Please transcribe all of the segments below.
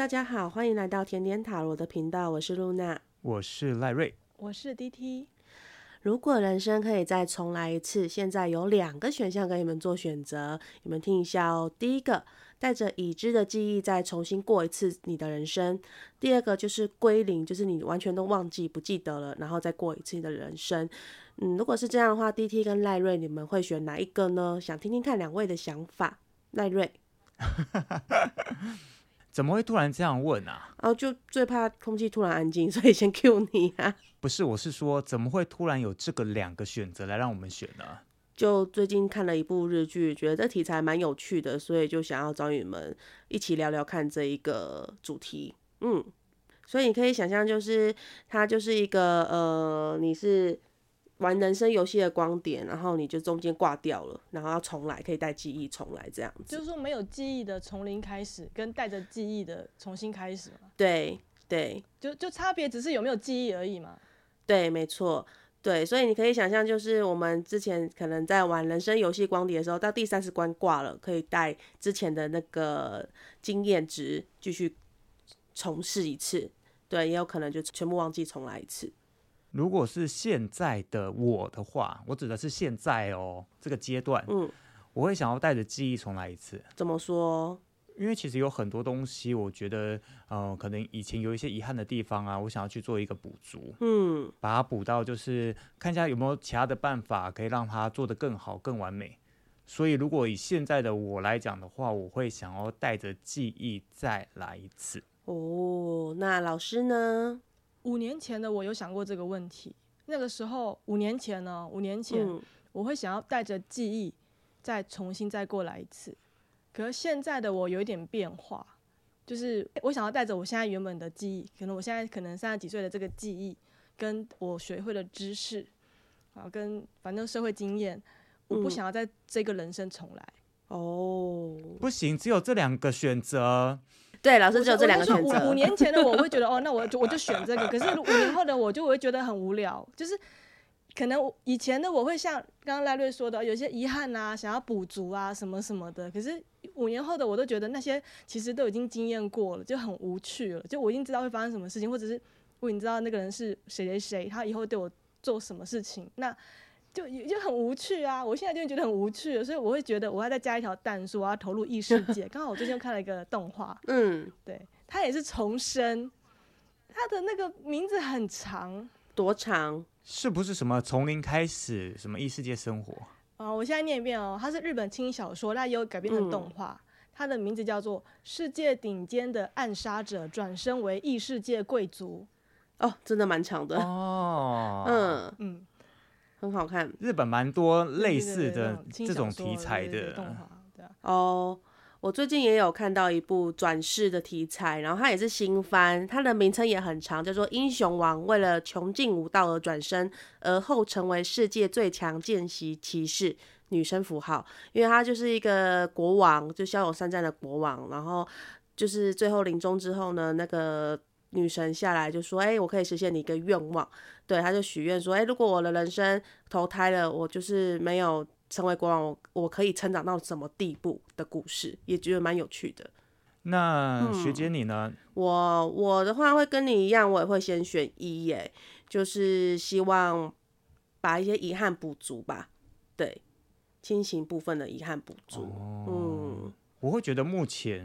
大家好，歡迎來到甜點塔羅的頻道，我是露娜，我是賴瑞，我是 DT。如果人生可以再重來一次，現在有兩個選項給你們做選擇，你們聽一下哦。第一個，帶着已知的記憶再重新過一次你的人生；第二個就是歸零，就是你完全都忘記、不記得了，然後再過一次你的人生。嗯，如果是這樣的話，DT 跟賴瑞，你們會選哪一個呢？想聽聽看兩位的想法。賴瑞。 怎麼會突然這樣問啊？哦，就最怕空氣突然安靜，所以先 cue 你啊。不是，我是說怎麼會突然有這個兩個選擇來讓我們選呢？就最近看了一部日劇，覺得這題材蠻有趣的，所以就想要找你們一起聊聊看這一個主題。嗯，所以你可以想象，就是它就是一個呃，你是。玩人生遊戲的光碟，然後你就中間掛掉了，然後要重來，可以帶記憶重來這樣子，就是說沒有記憶的從零開始，跟帶着記憶的重新開始嘛？對對，就就差別只是有沒有記憶而已嘛？對，沒錯，對，所以你可以想象，就是我們之前可能在玩人生遊戲光碟的時候，到第三十關掛了，可以帶之前的那個經驗值繼續重試一次，對，也有可能就全部忘記重來一次。如果是現在的我的話，我指的是現在哦這個階段，嗯，我會想要帶着記憶重來一次。怎麼說？因為其實有很多東西，我覺得，呃，可能以前有一些遺憾的地方啊，我想要去做一個補足，嗯，把它補到，就是看一下有沒有其他的辦法可以讓它做得更好、更完美。所以，如果以現在的我來講的話，我會想要帶着記憶再來一次。哦，那老師呢？五年前的我有想過這個問題。那個時候五年前呢？五年前，嗯、我會想要帶着記憶再重新再過來一次，可是現在的我有一點變化，就是我想要帶着我現在原本的記憶，可能我現在可能三十幾歲的這個記憶，跟我學會的知識，啊，跟反正社會經驗，我不想要在這個人生重來。嗯、哦，不行，只有這兩個選擇。對，老師只有這兩個選擇。五五年前的我會覺得 哦，那我就我就選這個。可是五年後的我就我會覺得很無聊，就是可能以前的我會像剛剛賴瑞說的，有些遺憾啊，想要補足啊什麼什麼的。可是五年後的我都覺得那些其實都已經經驗過了，就很無趣了。就我已經知道會發生什麼事情，或者是我已經知道那個人是誰誰誰，他以後對我做什麼事情，那。就就很無趣啊！我現在就覺得很無趣，所以我會覺得我要再加一條彈數，我要投入異世界。剛 好我最近看了一個動畫，嗯，對，它也是重生，它的那個名字很長，多長？是不是什麼從零開始，什麼異世界生活？啊、哦，我現在念一遍哦。它是日本輕小說，它有改編成動畫，嗯，它的名字叫做《世界頂尖的暗殺者轉身為異世界貴族》。哦，真的蠻長的哦。嗯嗯。很好看，日本蠻多類似的對對對，這種題材的。哦，oh, 我最近也有看到一部轉世的題材，然後它也是新番，它的名稱也很長，叫做《英雄王為了窮盡武道而轉身，而後成為世界最強見習騎士女生符號》，因為它就是一個國王，就驍勇善戰的國王，然後就是最後臨終之後呢，那個。女神下來就說：“哎、欸，我可以實現你一個願望。”對，她就許願說：“哎、欸，如果我的人生投胎了，我就是沒有成為國王，我我可以成長到什麼地步？”的故事也覺得蠻有趣的。那學姐你呢？嗯、我我的話會跟你一樣，我也會先選一耶、欸，就是希望把一些遺憾補足吧。對，親情部分的遺憾補足、哦。嗯，我會覺得目前，嗯，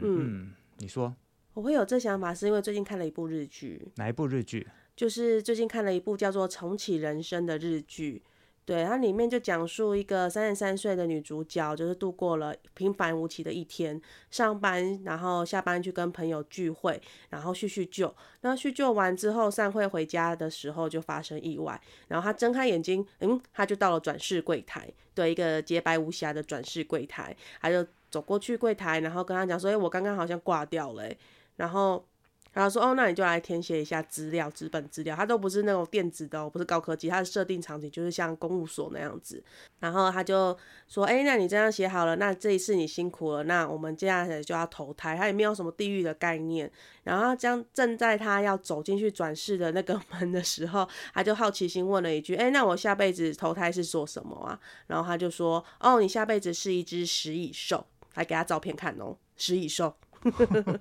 嗯你說。我會有這想法，是因為最近看了一部日劇。哪一部日劇？就是最近看了一部叫做《重啟人生》的日劇。對，它裡面就講述一個三十三歲的女主角，就是度過了平凡無奇的一天，上班，然後下班去跟朋友聚會，然後敘敘舊。那敘舊完之後，散會回家的時候就發生意外。然後她睜開眼睛，嗯，她就到了轉世櫃台，對，一個潔白無瑕的轉世櫃台。她就走過去櫃台，然後跟她講說：「欸，我剛剛好像掛掉了欸。」然後，然後說：“哦，那你就來填寫一下資料，紙本資料，它都不是那種電子的，哦，不是高科技，它的設定場景，就是像公務所那樣子。”然後他就說：“哎，那你這樣寫好了，那這一次你辛苦了，那我們接下來就要投胎，它也沒有什麼地獄的概念。”然後這樣，正在他要走進去轉世的那個門的時候，他就好奇心問了一句：“哎，那我下輩子投胎是做什麼啊？”然後他就說：“哦，你下輩子是一隻食蟻獸，來給他照片看哦，食蟻獸。”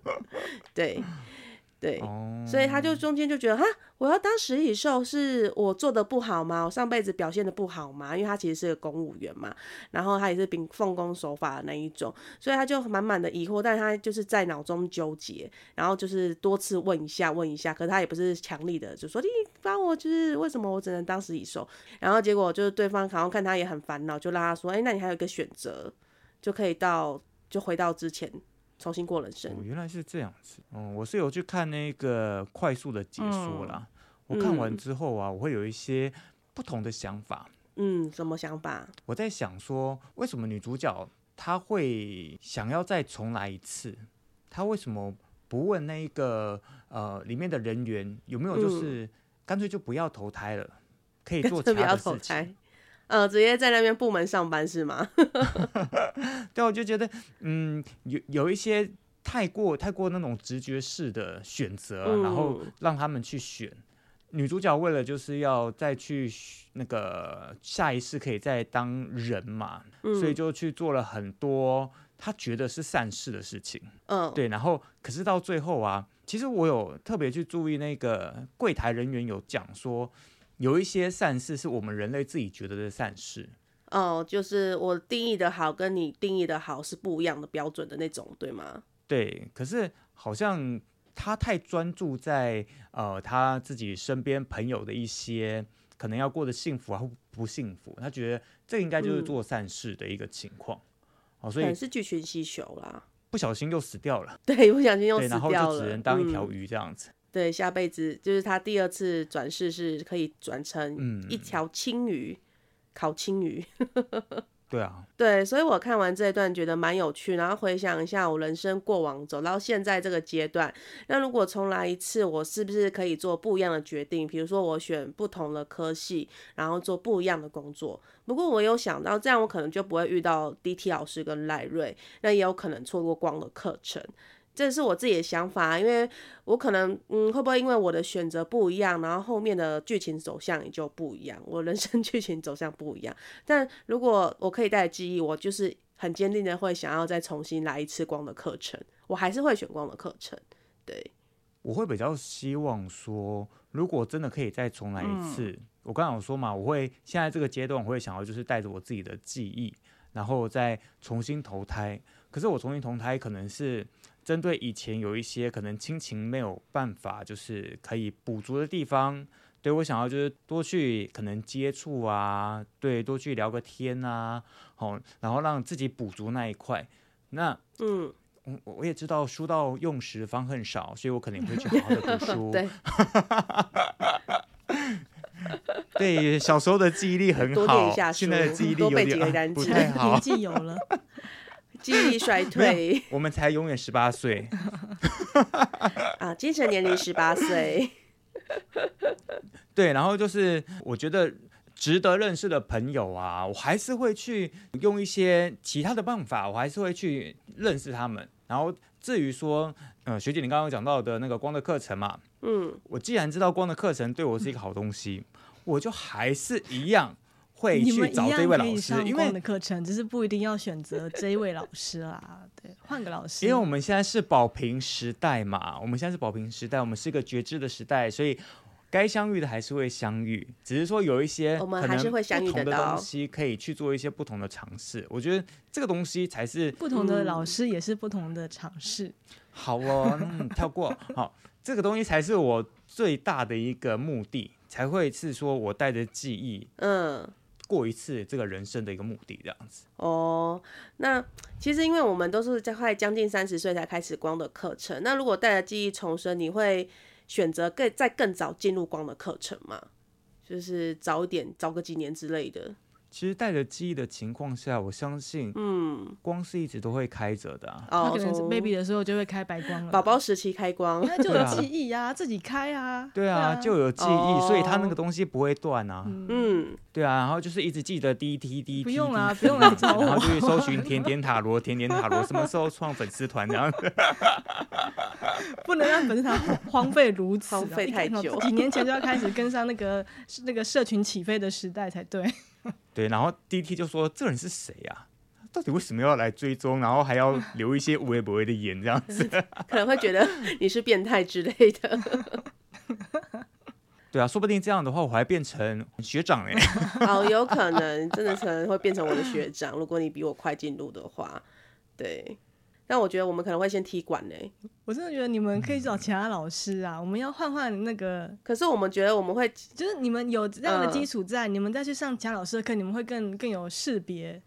對對，所以他就中間就覺得哈，我要當食蟻獸是我做的不好嗎？我上輩子表現的不好嗎？因為他其實是個公務員嘛，然後他也是秉奉公守法的那一種，所以他就滿滿的疑惑，但他就是在腦中糾結，然後就是多次問一下問一下，可是他也不是強力的，就說你幫我，就是為什麼我只能當食蟻獸？然後結果就是對方好像看他也很煩惱，就讓他說，哎，那你還有一個選擇，就可以到就回到之前。重新過人生、哦，原來是這樣子。嗯，我是有去看那個快速的解說啦、嗯。我看完之後啊，我會有一些不同的想法。嗯，什麼想法？我在想說，為什麼女主角她會想要再重來一次？她為什麼不問那一個呃裡面的人員有沒有就是乾脆就不要投胎了、嗯，可以做其他的事情？嗯、呃，直接在那邊部門上班是嗎？ 對，我就覺得，嗯，有有一些太過太過那種直覺式的選擇、嗯，然後讓他們去選。女主角為了就是要再去那個下一次可以再當人嘛，嗯、所以就去做了很多他覺得是善事的事情。嗯，對。然後，可是到最後啊，其實我有特別去注意那個櫃檯人員有講說。有一些善事是我們人類自己覺得的善事，哦，就是我定義的好跟你定義的好是不一樣的標準的那種，對嗎？對，可是好像他太專注在呃他自己身邊朋友的一些可能要過得幸福啊，或不幸福，他覺得這應該就是做善事的一個情況，嗯，哦，所以是聚群吸球啦，不小心就死掉了，對，不小心又死掉了，然後就只能當一條魚這樣子。嗯對，下輩子就是他第二次轉世，是可以轉成一條青魚，嗯，烤青魚。 對啊，對，所以我看完這一段覺得蠻有趣。然後回想一下我人生過往走到現在這個階段，那如果重來一次，我是不是可以做不一樣的決定？比如說我選不同的科系，然後做不一樣的工作。不過我有想到，這樣我可能就不會遇到 DT 老師跟賴瑞，那也有可能錯過光的課程。這是我自己的想法，因為我可能嗯會不會因為我的選擇不一樣，然後後面的劇情走向也就不一樣，我人生劇情走向不一樣。但如果我可以帶記憶，我就是很堅定的會想要再重新來一次光的課程，我還是會選光的課程。對，我會比較希望說，如果真的可以再重來一次，嗯、我剛才有說嘛，我會現在這個階段我會想要就是帶着我自己的記憶，然後再重新投胎。可是我重新投胎可能是。針對以前有一些可能親情沒有辦法，就是可以補足的地方，對，我想要就是多去可能接觸啊，對，多去聊個天啊，好、哦，然後讓自己補足那一塊。那嗯，我我也知道書到用時方恨少，所以我肯定會去好好的讀書。 對， 對，小時候的記憶力很好，現在的記憶力有點記、啊、不太好。 記憶衰退， 我們才永遠十八歲。 啊，精神年齡十八歲。 對，然後就是我覺得值得認識的朋友啊，我還是會去用一些其他的辦法，我還是會去認識他們。然後至於說，呃、嗯，學姐你剛剛講到的那個光的課程嘛，嗯，我既然知道光的課程對我是一個好東西， 我就還是一樣。會去找這位老師，因為你們一樣可以上我們的課程，只是不一定要選擇這一位老師啦，啊。 對，換個老師。因為我們現在是寶瓶時代嘛，我們現在是寶瓶時代，我們是一個覺知的時代，所以該相遇的還是會相遇，只是說有一些我們還是會相遇的東西，可以去做一些不同的嘗試。我覺得這個東西才是不同的老師也是不同的嘗試。嗯、好哦，跳過。 好，這個東西才是我最大的一個目的，才會是說我帶着記憶，嗯。過一次這個人生的一個目的這樣子哦，oh, 那其實因為我們都是在快將近三十歲才開始光的課程，那如果帶着記憶重生，你會選擇更再更早進入光的課程嗎？就是早一點早個幾年之類的。其實帶着記憶的情況下，我相信，嗯，光是一直都會開着的、啊。哦、嗯，可能是 baby 的時候就會開白光了，寶寶時期開光，那就有記憶呀、啊啊，自己開啊,啊。對啊，就有記憶，哦、所以他那個東西不會斷啊。嗯，對啊，然後就是一直記得滴滴滴，不用啊，不用來找。然後就去搜尋甜點塔羅，甜 點塔羅什麼時候創粉絲團？ 不能讓粉絲團荒廢如此，荒廢太久。幾年前就要開始跟上那個 那個社群起飛的時代才對。對，然後 DT 就說，這人是誰啊？到底為什麼要來追蹤？然後還要留一些無微不微的言這樣子，可能會覺得你是變態之類的。 對啊，說不定這樣的話我還會變成學長呢。好、哦，有可能真的可能會變成我的學長， 如果你比我快進入的話，對。但我覺得我們可能會先踢館嘞、欸！我真的覺得你們可以找其他老師啊，嗯、我們要換換那個。可是我們覺得我們會，就是你們有這樣的基礎在、嗯，你們再去上其他老師的課，你們會更更有識別，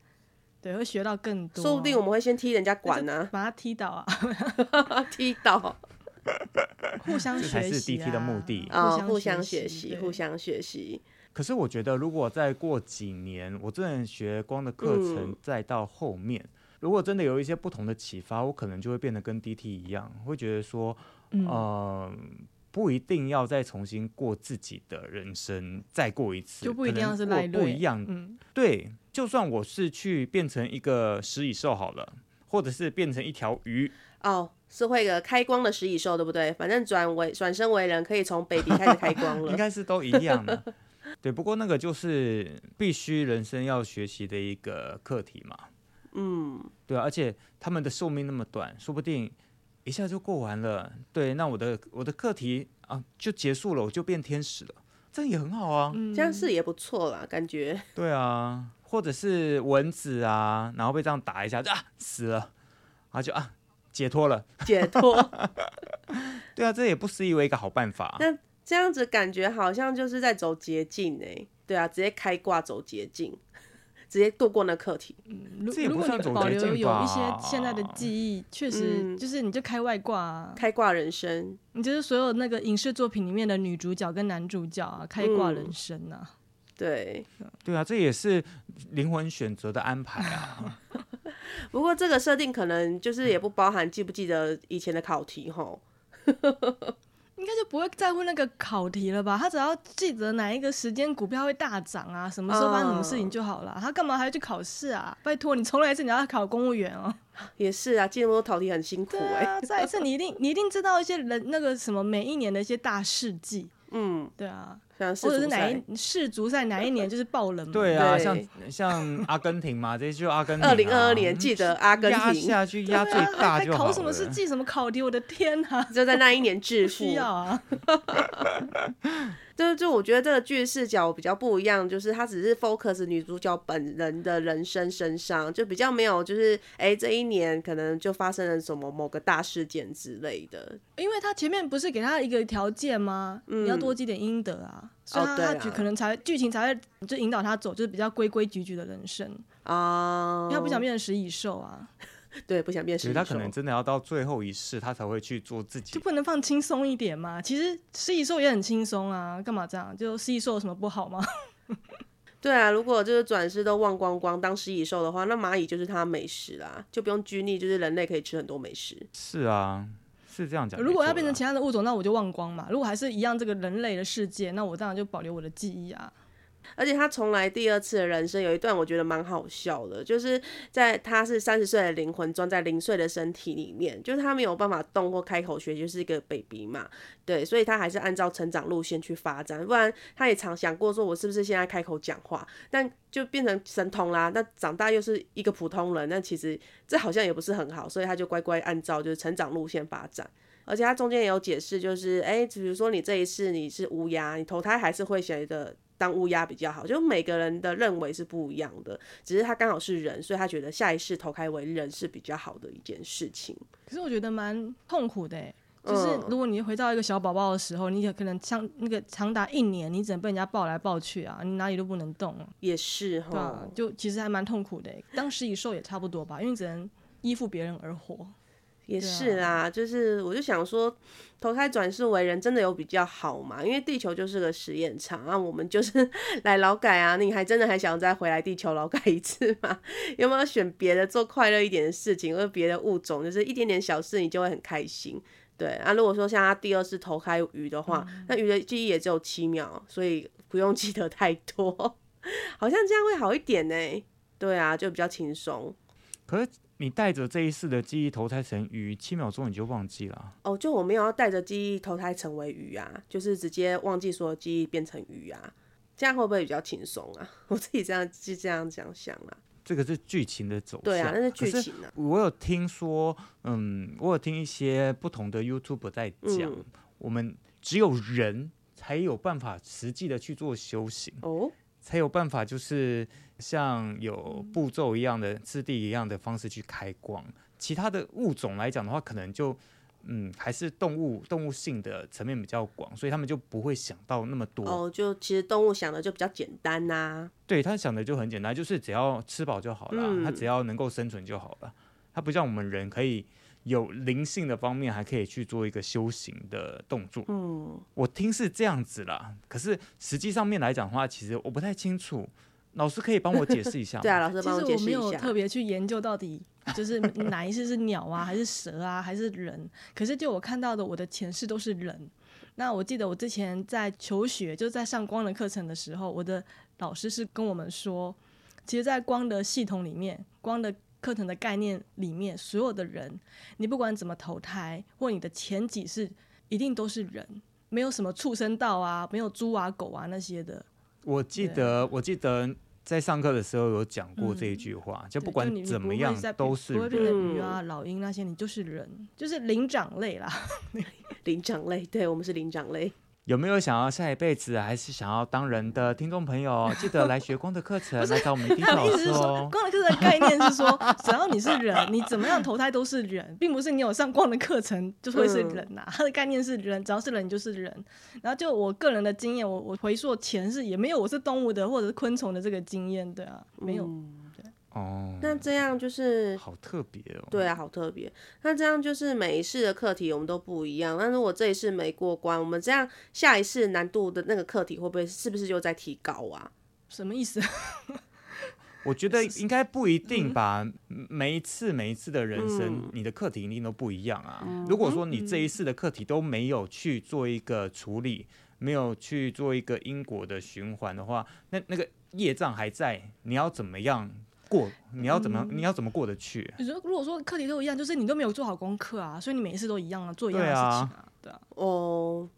對，會學到更多。說不定我們會先踢人家館呢、啊，把他踢倒啊， 踢倒 互、啊的的哦。互相學習才是 DT 的目的，互相學習，互相學習。可是我覺得，如果再過幾年，我這的學光的課程再到後面。嗯如果真的有一些不同的啟發，我可能就會變得跟 DT 一樣，會覺得說，嗯、呃，不一定要再重新過自己的人生，再過一次就不一定要是賴瑞不一樣，的、嗯，對，就算我是去變成一個食蟻獸好了，或者是變成一條魚，哦，是會個開光的食蟻獸，對不對？反正轉為轉身為人，可以從北鼻開始開光了， 應該是都一樣的， 對。不過那個就是必須人生要學習的一個課題嘛。嗯，對啊，而且他們的壽命那麼短，說不定一下就過完了。對，那我的我的課題啊就結束了，我就變天使了，這樣也很好啊，嗯，這樣是也不錯啦，感覺。對啊，或者是蚊子啊，然後被這樣打一下，就啊死了，然後就啊解脫了，解脫。 對啊，這也不失為一個好辦法。 那這樣子感覺好像就是在走捷徑哎，對啊，直接開掛走捷徑。直接度過，過那課題。嗯，如果如果你保留有一些現在的記憶，確、嗯、實就是你就開外掛、啊，開掛人生。你就是所有那個影視作品裡面的女主角跟男主角啊，開掛人生吶、啊嗯。對，對啊，這也是靈魂選擇的安排啊。 不過這個設定可能就是也不包含記不記得以前的考題齁。 應該就不會在乎那個考題了吧？他只要記得哪一個時間股票會大漲啊，什麼時候發生什麼事情就好了、嗯。他幹嘛還要去考試啊？拜託，你重來一次你要考公務員哦、喔。也是啊，記得我考題很辛苦哎、欸啊。再一次，你一定你一定知道一些人那個什麼每一年的一些大事記。嗯，對啊。或者是哪一世足賽，哪一年就是爆冷 對啊，像像阿根廷嘛， 這就阿根廷、啊。廷。二零二二年，記得阿根廷。壓下去壓最大就、啊啊、考什麼是記什麼考題？我的天啊， 就在那一年致富。啊。 就是就我覺得這個劇視角比較不一樣，就是它只是 focus 女主角本人的人生身上，就比較沒有就是哎、欸、這一年可能就發生了什麼某個大事件之類的。因為他前面不是給他一個條件嗎、嗯？你要多積點陰德啊。所以他，Oh, 對啊。他可能才會劇情才會就引導他走，就是比較規規矩矩的人生啊。Uh... 他不想變成食蟻獸啊， 對，不想變成食蟻獸。其實他可能真的要到最後一世，他才會去做自己。就不能放輕鬆一點嗎？其實食蟻獸也很輕鬆啊，幹嘛這樣？就食蟻獸有什麼不好嗎？ 對啊，如果就是轉世都忘光光，當食蟻獸的話，那螞蟻就是他美食啦，就不用拘泥，就是人類可以吃很多美食。是啊。是這樣講，如果要變成其他的物種，那我就忘光嘛。如果還是一樣這個人類的世界，那我這樣就保留我的記憶啊。而且他重來第二次的人生有一段我覺得蠻好笑的，就是在他是三十歲的靈魂裝在零歲的身體裡面，就是他沒有辦法動或開口學，就是一個 baby 嘛，對，所以他還是按照成長路線去發展，不然他也常想過說，我是不是現在開口講話，但就變成神童啦，那長大又是一個普通人，那其實這好像也不是很好，所以他就乖乖按照就是成長路線發展，而且他中間也有解釋，就是誒、欸，比如說你這一世你是烏鴉，你投胎還是會學的。當烏鴉比較好，就每個人的認為是不一樣的。只是他剛好是人，所以他覺得下一世投胎為人是比較好的一件事情。可是我覺得蠻痛苦的、欸，就是如果你回到一個小寶寶的時候，嗯、你可能長那個長達一年，你只能被人家抱來抱去啊，你哪裡都不能動、啊。也是哈、啊，就其實還蠻痛苦的、欸。當時一獸也差不多吧，因為你只能依附別人而活。也是啦、啊，就是我就想說，投胎轉世為人真的有比較好嘛？因為地球就是個實驗場啊，我們就是來勞改啊。你還真的還想再回來地球勞改一次嗎？有沒有選別的做快樂一點的事情，或者別的物種，就是一點點小事你就會很開心。對啊，如果說像他第二次投胎魚的話、嗯，那魚的記憶也只有七秒，所以不用記得太多，好像這樣會好一點呢。對啊，就比較輕鬆。可是。你帶着這一世的記憶投胎成魚，七秒鐘你就忘記了。哦，就我沒有要帶着記憶投胎成為魚啊，就是直接忘記所有記憶變成魚啊，這樣會不會比較輕鬆啊？我自己這樣是這樣這樣想啊。這個是劇情的走向，對啊，那是劇情啊。我有聽說，嗯，我有聽一些不同的 YouTuber 在講，嗯，我們只有人才有辦法實際的去做修行哦。才有辦法，就是像有步驟一樣的，質地一樣的方式去開光。嗯、其他的物種來講的話，可能就嗯，還是動物動物性的層面比較廣，所以他們就不會想到那麼多。哦，就其實動物想的就比較簡單吶，啊。對，他想的就很簡單，就是只要吃飽就好了，嗯，他只要能夠生存就好了。他不像我們人可以，有靈性的方面，還可以去做一個修行的動作。嗯，我聽是這樣子啦，可是實際上面來講的話，其實我不太清楚，老師可以幫我解釋一下嗎？對啊，老師，其實我沒有特別去研究到底就是哪一世是鳥啊， 還是蛇啊，還是人。可是就我看到的，我的前世都是人。那我記得我之前在求學，就在上光的課程的時候，我的老師是跟我們說，其實，在光的系統裡面，光的。課程的概念裡面，所有的人，你不管怎麼投胎，或你的前幾世，一定都是人，沒有什麼畜生道啊，沒有豬啊、狗啊那些的。我記得，我記得在上課的時候有講過這一句話，嗯、就不管就怎麼樣都是人。你不會變成魚啊，嗯、老鷹那些，你就是人，就是靈長類啦。靈 長類，對，我們是靈長類。有沒有想要下一輩子還是想要當人的聽眾朋友，記得來學光的課程， 來找我們的 D.T 老師哦、 意思是說光的課程的概念是說， 只要你是人，你怎麼樣投胎都是人， 並不是你有上光的課程就會是人吶、啊。嗯、他的概念是人，只要是人你就是人。然後就我個人的經驗，我我回溯前世也沒有我是動物的或者是昆蟲的這個經驗，對啊，沒有。嗯哦，那這樣就是好特別哦。對啊，好特別。那這樣就是每一次的課題我們都不一樣。那如果這一次沒過關，我們這樣下一次難度的那個課題會不會是不是就在提高啊？什麼意思？ 我覺得應該不一定吧。每一次每一次的人生，嗯、你的課題一定都不一樣啊。嗯、如果說你這一次的課題都沒有去做一個處理，沒有去做一個因果的循環的話，那那個業障還在，你要怎麼樣？過，你要怎麼、嗯，你要怎麼過得去？如果說課題都一樣，就是你都沒有做好功課啊，所以你每一次都一樣了，啊，做一樣的事情啊，對啊。哦，oh,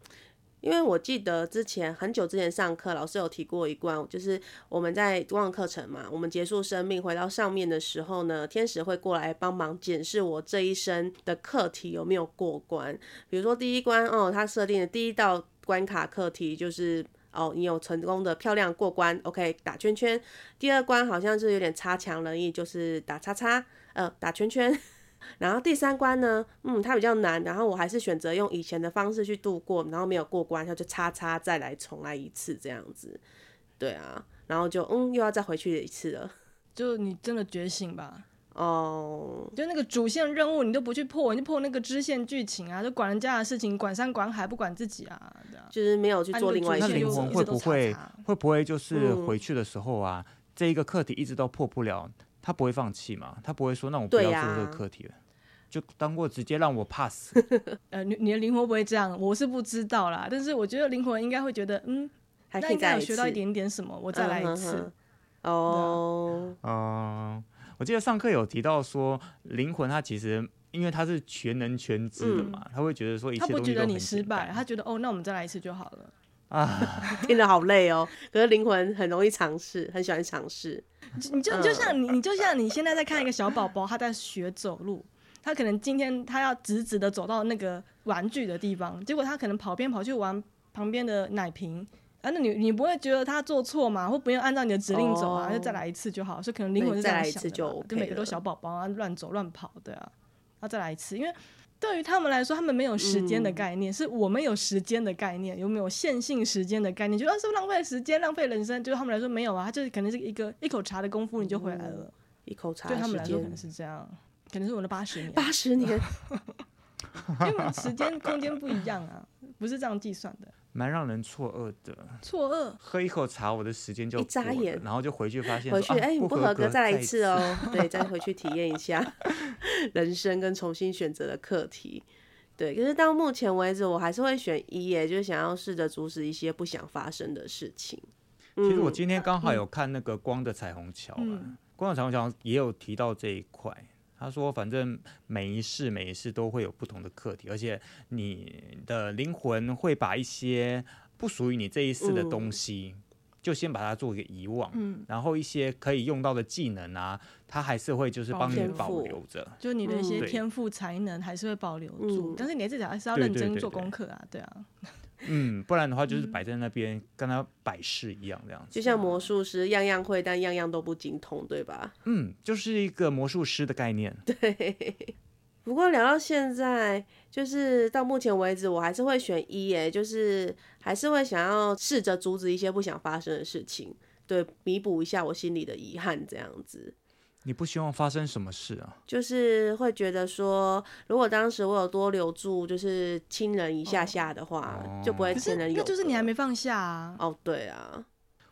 因為我記得之前很久之前上課，老師有提過一關，就是我們在讀課程嘛，我們結束生命回到上面的時候呢，天使會過來幫忙檢視我這一生的課題有沒有過關。比如說第一關哦，他設定的第一道關卡課題就是。哦，你有成功的漂亮的過關，OK，打圈圈。第二關好像是有點差強人意，就是打叉叉，呃，打圈圈。 然後第三關呢，嗯，它比較難，然後我還是選擇用以前的方式去度過，然後沒有過關，它就叉叉再來重來一次這樣子。對啊，然後就嗯，又要再回去一次了。就你真的覺醒吧。哦、oh,，就那個主線任務你都不去破，你就破那個支線劇情啊，就管人家的事情，管山管海不管自己啊，就是沒有去做另外一些事。那靈魂會不會會不會就是回去的時候啊，嗯、這一個課題一直都破不了，他不會放棄嘛？他不會說，那我不要做這個課題了，啊、就當過直接讓我 pass。 呃，你的靈魂不會這樣，我是不知道啦。但是我覺得靈魂應該會覺得，嗯，還可以再那你學到一點點什麼，再我再來一次。哦、uh、哦 -huh. oh.。Uh -huh. 我記得上課有提到說，靈魂他其實因為他是全能全知的嘛，他、嗯、會覺得說一切它不覺得你失敗，他覺得哦，那我們再來一次就好了。啊， 聽得好累哦，可是靈魂很容易嘗試，很喜歡嘗試。你就你就像你、呃，你就像你現在在看一個小寶寶，他在學走路，他可能今天他要直直的走到那個玩具的地方，結果他可能跑邊跑去玩旁邊的奶瓶。啊，那你你不會覺得他做錯嘛？或不用按照你的指令走啊？就、oh, 再來一次就好。所以可能靈魂是這樣想的，再來一次就、OK、就每個都小寶寶啊，亂走亂跑，對啊。啊，再來一次，因為對於他們來說，他們沒有時間的概念，是我們有時間的概念、嗯，有沒有線性時間的概念？覺得啊，是浪費時間，浪費人生。對他們來說沒有啊，他就是可能是一個一口茶的功夫你就回來了。嗯、一口茶對他們來說可能是這樣，可能是我的八十年。八十年， 因為他們時間 空間不一樣啊，不是這樣計算的。蠻讓人錯愕的，錯愕。喝一口茶，我的時間就一眨眼，然後就回去發現回去哎、啊欸，不合格，再來一次哦。次 對，再回去體驗一下人生跟重新選擇的課題。對，可是到目前為止，我還是會選一耶，就想要試着阻止一些不想發生的事情。其實我今天剛好有看那個光的彩虹橋、啊嗯《光的彩虹橋》啊，《光的彩虹橋》也有提到這一塊。他說：“反正每一世每一世都會有不同的課題，而且你的靈魂會把一些不屬於你這一世的東西，就先把它做一個遺忘。嗯，然後一些可以用到的技能啊，它還是會就是幫你保留着，就你的一些天賦才能還是會保留住。嗯、但是你自己還是要認真做功課啊，對對對對對，對啊。”嗯，不然的話就是擺在那邊、嗯、跟他擺飾一樣這樣子，就像魔術師樣樣會，但樣樣都不精通，對吧？嗯，就是一個魔術師的概念。對，不過聊到現在，就是到目前為止，我還是會選一，耶，就是還是會想要試着阻止一些不想發生的事情，對，彌補一下我心裡的遺憾這樣子。你不希望發生什麼事啊？就是會覺得說，如果當時我有多留住，就是親人一下下的話，哦、就不會。親人。是，個就是你還沒放下啊？哦、oh,，對啊。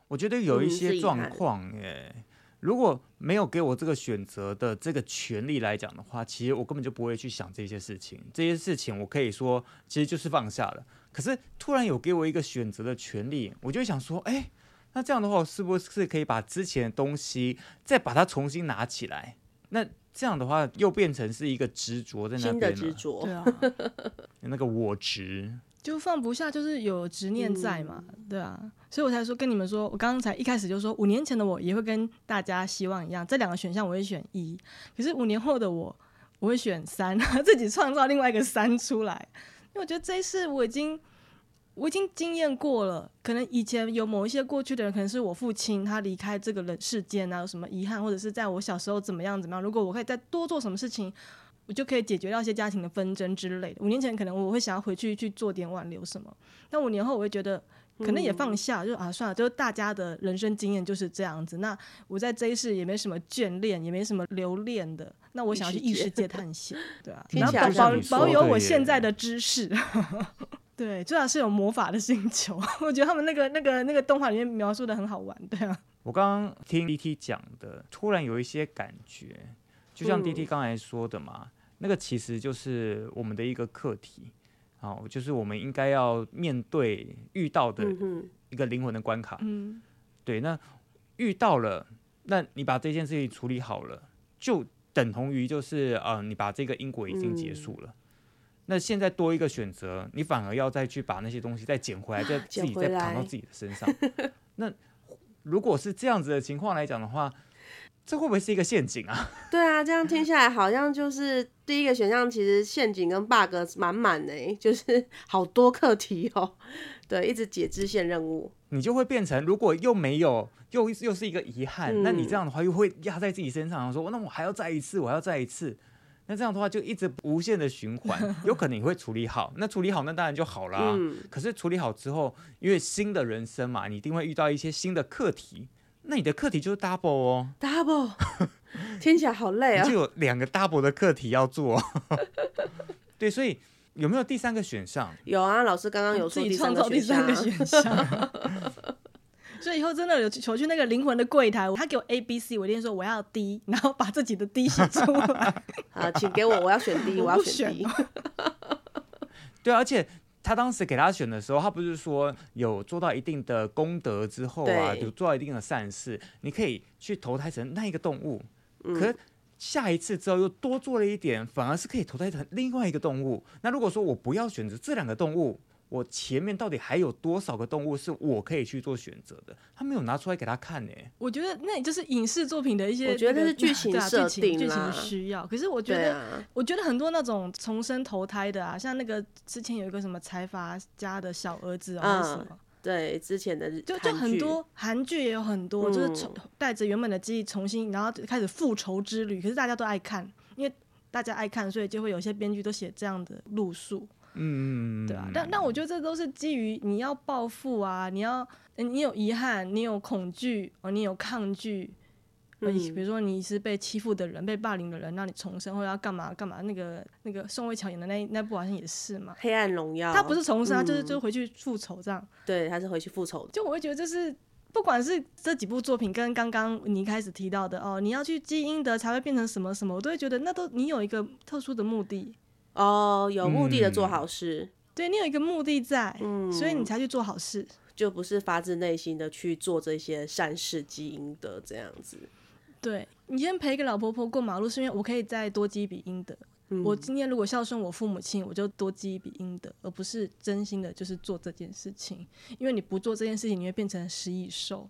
我覺得有一些狀況、欸，哎、嗯，如果沒有給我這個選擇的這個權利來講的話，其實我根本就不會去想這些事情。這些事情，我可以說其實就是放下了。可是突然有給我一個選擇的權利，我就想說，哎、欸。那這樣的話，是不是可以把之前的東西再把它重新拿起來？那這樣的話，又變成是一個執着在那邊嘛？對啊， 那個我執就放不下，就是有執念在嘛？對啊，所以我才說跟你們說，我剛剛才一開始就說，五年前的我也會跟大家希望一樣，這兩個選項我會選一。可是五年後的我，我會選三，然後自己創造另外一個三出來，因為我覺得這一次我已經。我已經經驗過了，可能以前有某一些過去的人，可能是我父親他離開這個人世間啊，有什麼遺憾，或者是在我小時候怎麼樣怎麼樣。如果我可以再多做什麼事情，我就可以解決掉一些家庭的紛爭之類的。五年前可能我會想要回去去做點挽留什麼，但五年後我會覺得可能也放下，就啊算了，就是大家的人生經驗就是這樣子。那我在這一世也沒什麼眷戀，也沒什麼留戀的。那我想要去異世界探險，對啊。然後保保有我現在的知識。 對，至少是有魔法的星球，我覺得他們那個那個那個動畫裡面描述的很好玩，對啊。我剛剛聽 DT 講的，突然有一些感覺，就像 DT 剛才說的嘛、嗯，那個其實就是我們的一個課題，哦，就是我們應該要面對遇到的一個靈魂的關卡、嗯嗯，對。那遇到了，那你把這件事情處理好了，就等同於就是嗯、呃、你把這個因果已經結束了。嗯那現在多一個選擇，你反而要再去把那些東西再撿回來、啊、撿回來，再自己再扛到自己的身上。 那如果是這樣子的情況來講的話，這會不會是一個陷阱啊？對啊，這樣聽下來好像就是第一個選項，其實陷阱跟 bug 滿滿的，就是好多課題哦、喔。對，一直解支線任務，你就會變成如果又沒有，又又是一個遺憾、嗯。那你這樣的話，又會壓在自己身上，說那我還要再一次，我還要再一次。那這樣的話就一直無限的循環， 有可能你會處理好。那處理好那當然就好啦，嗯。可是處理好之後，因為新的人生嘛，你一定會遇到一些新的課題。那你的課題就是 double 哦，double，聽起來好累啊。 就有兩個 double 的課題要做。 對，所以有沒有第三個選項？有啊，老師剛剛有說你創造第三個選項。 所以以後真的有求去那個靈魂的櫃檯，他給我 A B C，我一定說我要 D，然後把自己的 D 寫出來。 好，請給我，我要選 D，我不選，我要選 D。 對、啊，而且他當時給他選的時候，他不是說有做到一定的功德之後啊，有做到一定的善事，你可以去投胎成那一個動物。嗯、可是下一次之後又多做了一點，反而是可以投胎成另外一個動物。那如果說我不要選擇這兩個動物。我前面到底還有多少個動物是我可以去做選擇的？他沒有拿出來給他看呢、欸。我覺得那也就是影視作品的一些、那個，我覺得這是劇情設定啊，劇、啊、情劇情需要。可是我覺得、啊，我覺得很多那種重生投胎的啊，像那個之前有一個什麼財閥家的小兒子啊、哦嗯、什麼，對之前的就就很多韓劇也有很多，嗯、就是重帶着原本的記憶重新，然後開始復仇之旅。可是大家都愛看，因為大家愛看，所以就會有些編劇都寫這樣的路數。嗯嗯嗯，對啊，但但我覺得這都是基於你要報復啊，你要你有遺憾，你有恐懼哦，你有抗拒，嗯，比如說你是被欺負的人，被霸凌的人，讓你重生或者要幹嘛幹嘛，那個那個宋慧喬演的那那部好像也是嘛，《黑暗榮耀》。他不是重生、嗯，他就是就回去復仇這樣。對，他是回去復仇。就我會覺得這是，就是不管是這幾部作品跟剛剛你一開始提到的哦，你要去積陰德才會變成什麼什麼，我都會覺得那都你有一個特殊的目的。哦、oh，有目的的做好事，嗯、對你有一個目的在、嗯，所以你才去做好事，就不是發自內心的去做這些善事積陰德這樣子。對，你今天陪一個老婆婆過馬路是因為我可以再多積一筆陰德。我今天如果孝順我父母親，我就多積一筆陰德，而不是真心的，就是做這件事情。因為你不做這件事情，你會變成十惡獸。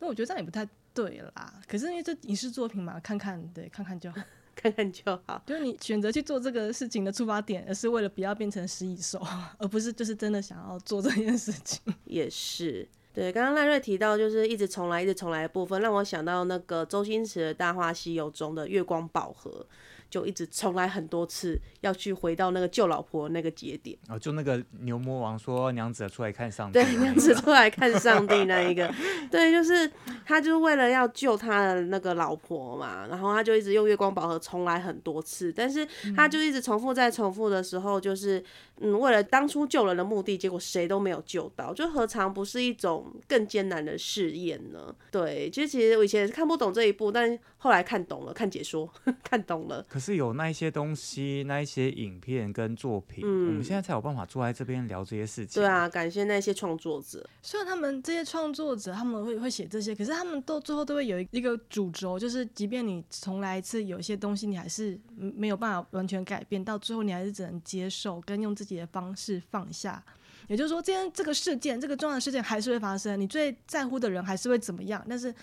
那我覺得這樣也不太對啦。可是因為這影視作品嘛，看看，對，看看就好。看看就好。對，就是你選擇去做這個事情的出發點，而是為了不要變成失意獸，而不是就是真的想要做這件事情。也是對。剛剛賴瑞提到，就是一直重來，一直重來的部分，讓我想到那個周星馳的《大話西遊》中的月光寶盒。就一直重來很多次，要去回到那個救老婆那個節點哦，就那個牛魔王說，娘子出來看上帝，對，娘子出來看上帝那一個， 對，就是他就是為了要救他的那個老婆嘛，然後他就一直用月光寶盒重來很多次，但是他就一直重複再重複的時候，就是嗯，嗯，為了當初救人的目的，結果誰都沒有救到，就何嘗不是一種更艱難的試驗呢？對，其實其實我以前是看不懂這一部，但後來看懂了，看解說呵呵看懂了。是有那一些東西，那一些影片跟作品，嗯，我們現在才有辦法坐在這邊聊這些事情。對啊，感謝那些創作者。雖然他們這些創作者他們會會寫這些，可是他們都最後都會有一個主軸，就是即便你從來一次有一些東西，你還是沒有辦法完全改變，到最後你還是只能接受跟用自己的方式放下。也就是說，今天這個事件，這個重要的事件還是會發生，你最在乎的人還是會怎麼樣，但是。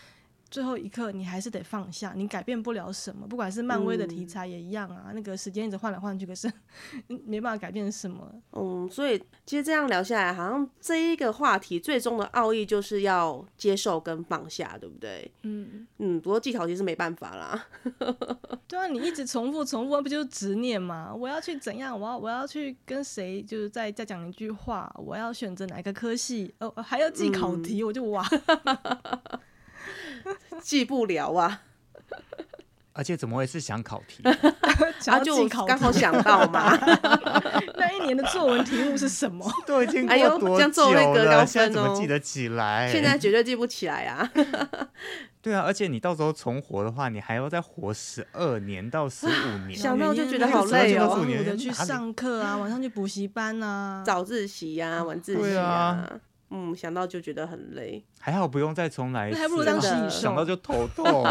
最後一刻，你還是得放下，你改變不了什麼。不管是漫威的題材也一樣啊，嗯、那個時間一直換來換去，可是沒辦法改變什麼。嗯，所以其實這樣聊下來，好像這一個話題最終的奧義就是要接受跟放下，對不對？嗯嗯。不過技考題是沒辦法啦。 對啊，你一直重複重複，不就是執念嗎？我要去怎樣？我要我要去跟誰？就是再再講一句話？我要選擇哪一個科系？哦，還要記考題，嗯、我就哇。 記不了啊！而且怎麼會是想考題、啊？他、 啊啊、就剛好想到嘛。 那一年的作文題目是什麼？ 都已經過多久了、哎呦這樣哦、現在怎麼記得起來？現在絕對記不起來啊！ 對啊，而且你到時候重活的話，你還要再活十二年到十五年。 想到就覺得好累哦。十的去上課啊，晚上去補習班啊，早自習呀，晚自習啊，嗯，想到就覺得很累。還好不用再重來，那還不如當食蟻獸，想到就頭痛。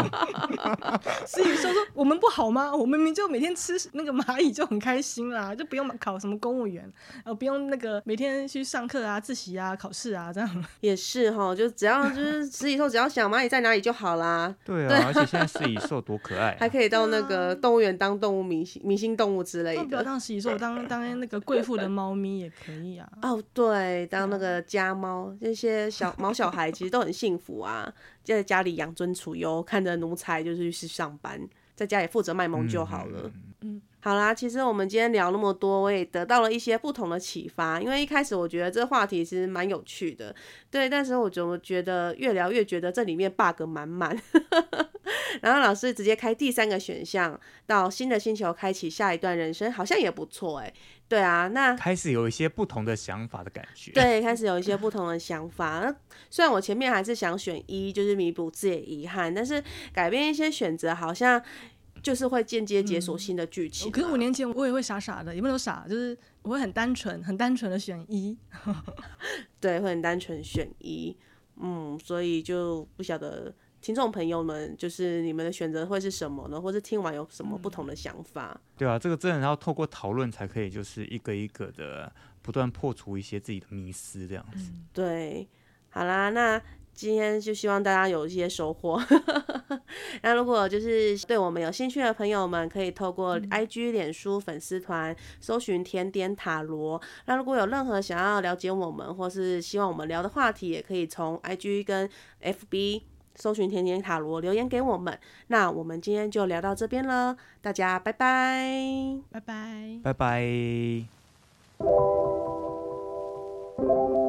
食 蟻獸說我們不好嗎？我們明，明就每天吃那個螞蟻就很開心啦，就不用考什麼公務員，呃，不用那個每天去上課啊、自習啊、考試啊這樣。也是哈，就只要就是食蟻獸只要想螞蟻在哪裡就好啦。對啊，對，而且現在食蟻獸多可愛、啊， 還可以到那個動物園當動物明星、明星動物之類的。要不要當食蟻獸，當當那個貴婦的貓咪也可以啊。 哦，對，當那個家貓，那些小毛小孩子。其實都很幸福啊，就在家裡養尊處優，看着奴才就是去上班，在家裡負責賣萌就好了。嗯好了，好啦，其實我們今天聊那麼多，我也得到了一些不同的啟發。因為一開始我覺得這話題其實蠻有趣的，對，但是我就覺得越聊越覺得這裡面 bug 滿滿。 然後老師直接開第三個選項，到新的星球開啟下一段人生，好像也不錯哎、欸。對啊，那開始有一些不同的想法的感覺。對，開始有一些不同的想法。 雖然我前面還是想選一，就是彌補自己的遺憾，但是改變一些選擇，好像就是會間接解鎖新的劇情啊。可、嗯、是五年前我也會傻傻的，有沒有傻？就是我會很單純，很單純的選一。 對，會很單純選一。嗯，所以就不曉得。聽眾朋友們，就是你們的選擇會是什麼呢？或是聽完有什麼不同的想法？嗯、對啊，這個真的要透過討論才可以，就是一個一個的不斷破除一些自己的迷思，這樣子、嗯。對，好啦，那今天就希望大家有一些收穫。 那如果就是對我們有興趣的朋友們，可以透過 IG、臉書粉絲團搜尋“甜點塔羅”。那如果有任何想要了解我們，或是希望我們聊的話題，也可以從 IG 跟 FB。搜尋甜點塔羅，留言給我們，那我們今天就聊到這邊了，大家拜拜，拜拜，拜拜。拜拜。